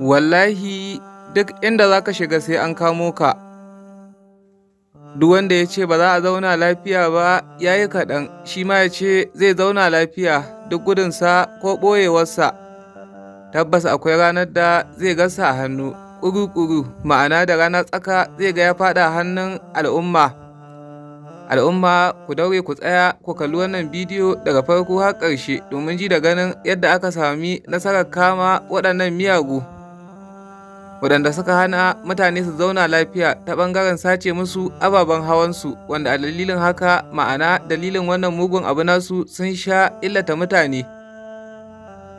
wallahi duk inda za ka shiga sai an kamo ka duk wanda ya ce ba za a zauna lafiya ba ya yi kaɗan shi ma ya ce zai zauna lafiya duk gudunsa ko ɓoyewarsa tabbas akwai ranar da zai gasa a hannu ƙuru-ƙuru ma'ana da rana tsaka zai ga ya faɗa hannun al'umma Al'umma ku daure ku tsaya ku kalli wannan bidiyo daga farko har ƙarshe domin ji da ganin yadda aka sami nasarar kama waɗannan miyagu waɗanda suka hana mutane su zauna lafiya ta ɓangaren sace musu ababen hawansu wanda a dalilin haka ma'ana dalilin wannan mugun abu nasu sun sha illata mutane.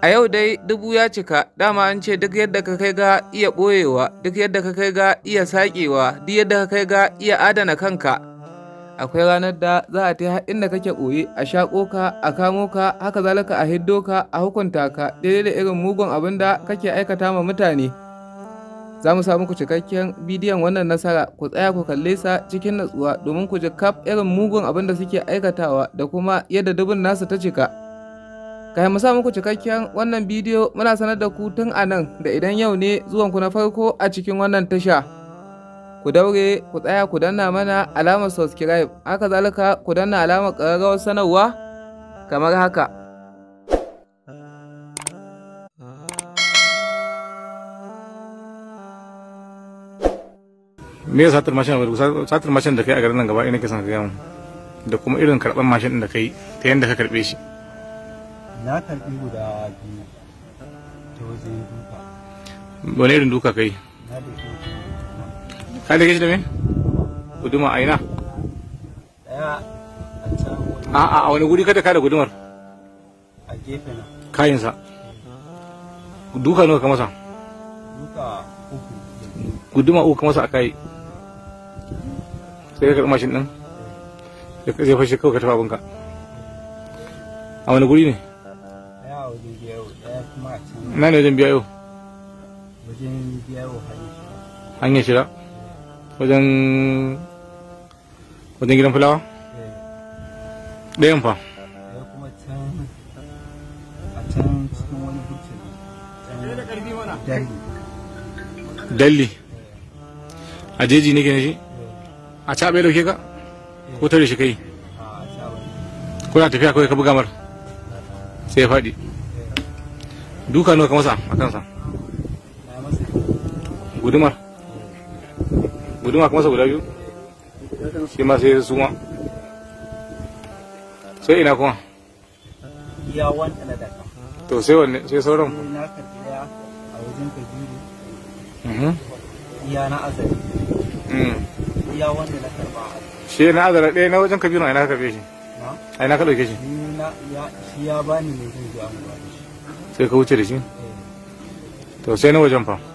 A yau dai dubu ya cika, dama an ce duk yadda ka kai ga iya ɓoyewa, duk yadda ka kai ga iya saƙewa, duk yadda ka kai ga iya adana kanka. akwai ranar da za a tai inda kake ɓoye a shaƙo ka a kamo ka haka ka a hiddo ka a hukunta ka daidai da irin mugun abin da kake aikata ma mutane za mu samu ku cikakken bidiyon wannan nasara ku tsaya ku kalle sa cikin natsuwa domin ku ji kaf irin mugun abin da suke aikatawa da kuma yadda dubin nasu ta cika. kayan mu sa muku cikakken wannan bidiyo muna sanar da ku tun a nan da idan yau ne zuwanku na farko a cikin wannan tasha ku daure ku tsaya ku danna mana alamar subscribe haka zalika ku danna alamar ƙararrawar sanarwa kamar haka me ya satar mashin satar mashin da kai a garin nan gaba ina kisan gaya da kuma irin karɓar mashin din da kai ta yadda ka karɓe shi na karɓi guda biyu ta wajen duka wani irin duka kai na da Sai da gaji da me? Guduma a ina? ah, a wani guri kada ka da gudumar? A gefe na. sa. Duka nawa ka masa? Duka uku. Guduma uku ka masa a kai. Sai ka karɓi mashin ɗin? Eh. Zai fashe kawai ka tafi abinka. A wani guri ne? Na ne wajen biya yau? Wajen biya yau hanyar shira. Hanyar shira? wajen wajen gidan fulawa eh. ɗayan fa dalli a jeji nake na shi eh. a caɓe dauke ka ko tare shi kai ko na tafiya ko ka buga mar sai faɗi eh. duka nawa ka masa a sa. gudumar guduma kuma sa guda biyu shi ma sai su sai ina kuma ya wanta na daga to sai wanne sai sauran na ka daya a wajen ka biyu iya na azali iya wanda na karba shi na azali ɗaya na wajen kabiru a ina ka karbe shi na ina ka ɗauke shi ya bani ne zai zuwa ba sai ka wuce da shi to sai na wajen fa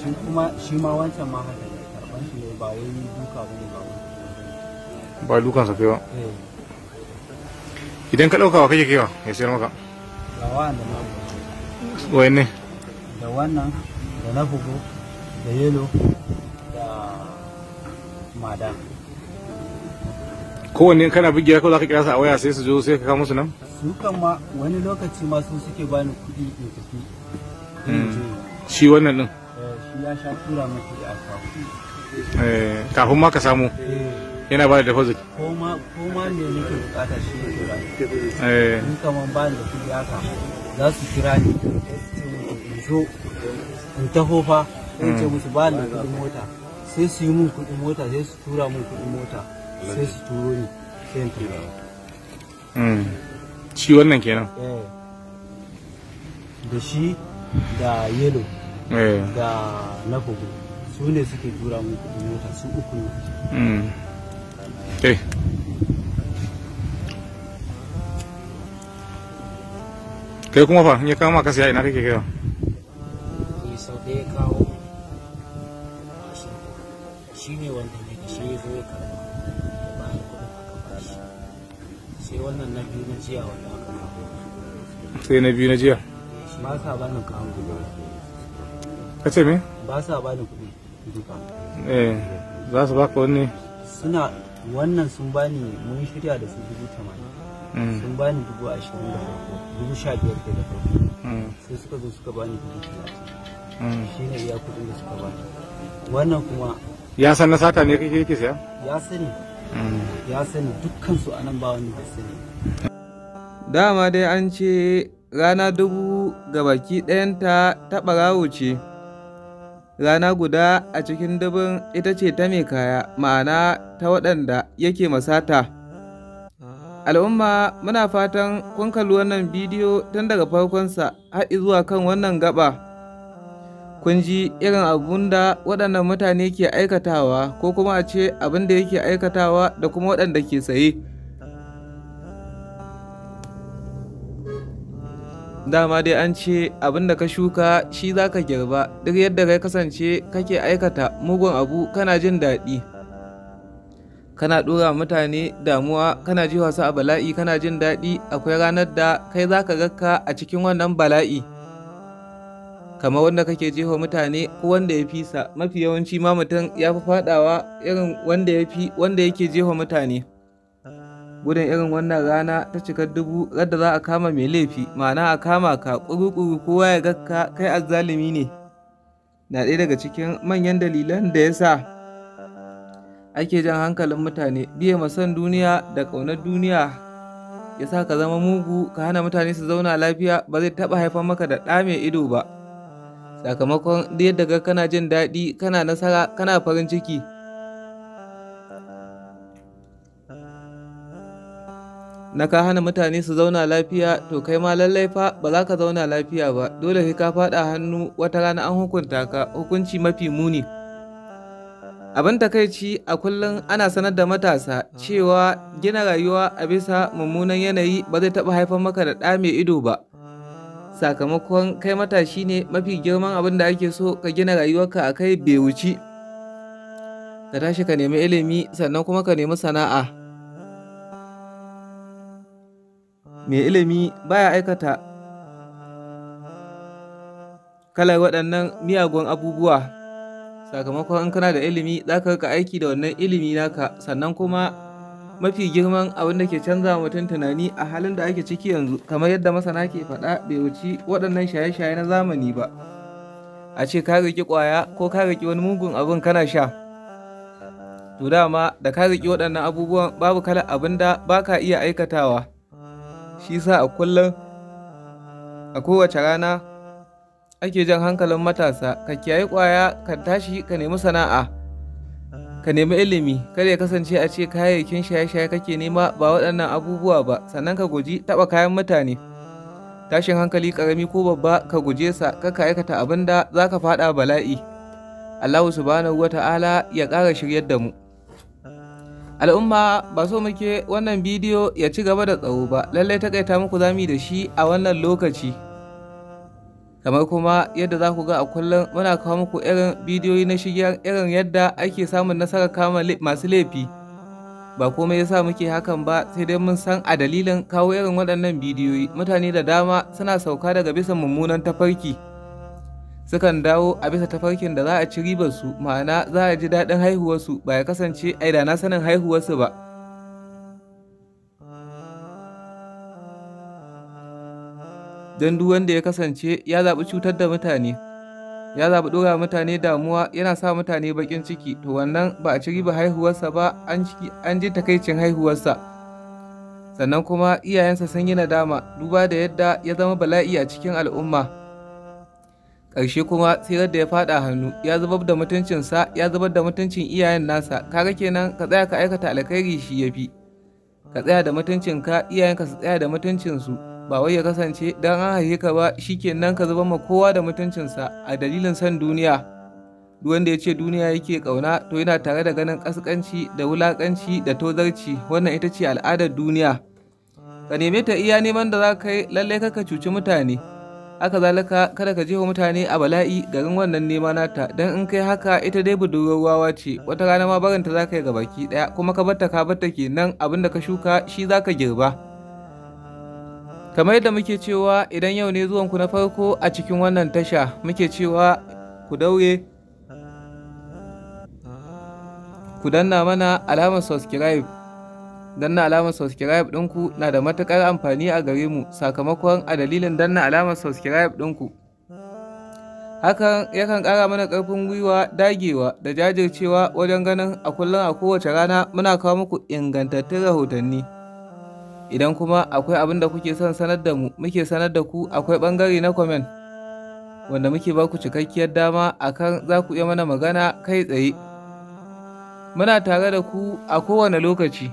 shi kuma shi ma wancan ma haka karban shi ne ba duka bane ba ba dukan sa kaiwa eh. idan ka dauka wa kake kaiwa ya sayar maka ga wanda na wayan ne da wannan da na bugo da yelo da mada kowanne kana bugiya ko za ka kira su a waya sai su zo sai ka kawo musu nan su kan ma wani lokaci ma su suke bani kudi in tafi hmm. shi wannan din ya sha eh, kafin ma ka samu eh. yana ba da deposit koma ma ne nake bukata shi ne tura eh. ni kaman ba da kudi haka za su kira ni in zo in taho fa in ce hmm. musu ba da kudin mota sai su yi mun kudin mota sai su tura mun kudin mota sai su turo ni sai in tura hmm. shi wannan kenan da shi da yellow da eh. na kogo su ne suke tura mu kudin mota su uku ne hmm. eh. kai kuma fa ya ina kake eh, ne wanda ne ya sai na biyu na jiya wanda aka sai na biyu na jiya ba sa bani kawo gudu kace me ba sa ba ni kuɗi duka eh za su ba baka wani suna wannan sun ba ni mun shirya da su dubu tamanin hmm. sun ba ni dubu ashirin da farko dubu sha biyar da farko hmm. sai suka zo suka ba ni dubu talatin hmm. shi ne iya kuɗin da suka ba ni wannan kuma ya san na sata ne kake yake siya ya sani ya sani dukkan su anan ba wani da sani dama dai an ce rana dubu ga baki ɗayanta ta ɓarawo ce rana guda a cikin dubin ita ce ta mai kaya ma'ana ta waɗanda yake masata al'umma muna fatan kun kalli wannan bidiyo tun daga farkonsa har zuwa kan wannan gaba kun ji irin abun da waɗannan mutane ke aikatawa ko kuma a ce abin da yake aikatawa da kuma waɗanda ke saye dama dai an ce abin da ka shuka shi za ka girba duk yadda kai kasance kake aikata mugun abu kana jin daɗi kana ɗora mutane damuwa kana ji wasu a bala'i kana jin daɗi akwai ranar da kai za ka gakka a cikin wannan bala'i kamar wanda kake jefa mutane ko wanda ya fisa mafi yawanci ma mutum ya fi faɗawa irin wanda ya fi wanda yake jefa mutane gudun irin wannan rana ta cika dubu radda za a kama mai laifi ma'ana a kama ka kuru-kuru kowa ya ga kai kai azzalumi ne na ɗaya daga cikin manyan dalilan da ya sa ake jan hankalin mutane biye masan duniya da ƙaunar duniya ya sa ka zama mugu ka hana mutane su zauna lafiya ba zai taɓa haifar maka da ɗa mai ido ba sakamakon da yadda ga kana jin daɗi kana nasara kana farin ciki na ka hana mutane su zauna lafiya to kai ma lallai fa ba za ka zauna lafiya ba dole sai ka faɗa hannu wata rana an hukunta ka hukunci mafi muni abin takaici a kullum ana sanar da matasa cewa gina rayuwa a bisa mummunan yanayi ba zai taɓa haifar maka da ɗa mai ido ba sakamakon kai matashi ne mafi girman abin da ake so ka gina rayuwarka a kai bai wuci ka tashi ka nemi ilimi sannan kuma ka nemi sana'a mai ilimi baya aikata kalar waɗannan miyagun abubuwa sakamakon in kana da ilimi za ka rika aiki da wannan ilimi naka sannan kuma mafi girman abin da ke canza mutum tunani a halin da ake ciki yanzu kamar yadda masana ke faɗa bai wuci waɗannan shaye-shaye na zamani ba a ce ka riƙi ƙwaya ko ka riƙi wani mugun abin kana sha to dama da ka riƙi waɗannan abubuwan babu kalar abin da ba ka iya aikatawa shi sa a kullum a kowace rana ake jan hankalin matasa ka kiyaye kwaya ka tashi ka nemi sana'a ka nemi ilimi kada ya kasance a ce kayayyakin shaye-shaye kake nema ba waɗannan abubuwa ba sannan ka guji taɓa kayan mutane tashin hankali ƙarami ko babba ka guje sa ka aikata abin da za ka faɗa bala'i allahu subhanahu wa ta'ala ya ƙara shiryar da mu al'umma ba so muke wannan bidiyo ya ci gaba da tsawo ba lallai ta takaita muku zami da shi a wannan lokaci kamar kuma yadda za ku ga a kullum muna kawo muku irin bidiyoyi na shigen irin yadda ake samun nasarar kama masu laifi ba komai yasa muke hakan ba sai dai mun san a dalilin kawo irin waɗannan bidiyoyi mutane da dama suna sauka daga bisa mummunan tafarki sukan dawo a bisa tafarkin da za a ci ribarsu ma'ana za a ji daɗin haihuwarsu ba ya kasance aida na sanin haihuwarsu ba don duk wanda ya kasance ya zaɓi cutar da mutane ya zaɓi ɗora mutane damuwa yana sa mutane baƙin ciki to wannan ba a ci riba haihuwarsa ba an ji takaicin haihuwarsa sannan kuma iyayensa sun yi nadama duba da yadda ya zama bala'i a cikin al'umma ƙarshe kuma tsirar da ya faɗa hannu ya zubar da mutuncinsa ya zubar da mutuncin iyayen nasa kaga kenan ka tsaya ka aikata alkhairi shi ya fi ka tsaya da mutuncinka iyayenka su tsaya da mutuncinsu ba wai ya kasance don an haife ka ba shikenan ka zubar ma kowa da mutuncinsa a dalilin son duniya duk wanda ya ce duniya yake ƙauna to yana tare da ganin ƙasƙanci da wulaƙanci da tozarci wannan ita ce al'adar duniya ka neme ta iya neman da za ka yi lallai kaka cuci mutane haka zalika kada ka jefa mutane a bala'i garin wannan nema nata don in kai haka ita dai budurwar wawa ce wata rana ma baranta za ka yi baki daya kuma ka batta ka batta kenan abinda ka shuka shi za ka girba kamar yadda muke cewa idan yau ne zuwanku na farko a cikin wannan tasha muke cewa ku daure ku danna mana alamar subscribe danna alamar subscribe ɗinku na da matuƙar amfani a gare mu sakamakon a dalilin danna alamar subscribe ɗinku. Hakan yakan ƙara mana ƙarfin gwiwa dagewa da jajircewa wajen ganin a kullum a kowace rana muna kawo muku ingantattun rahotanni. Idan kuma akwai abin da kuke son sanar da mu muke sanar da ku akwai ɓangare na comment wanda muke ba ku cikakkiyar dama akan za ku iya mana magana kai tsaye. Muna tare da ku a kowane lokaci.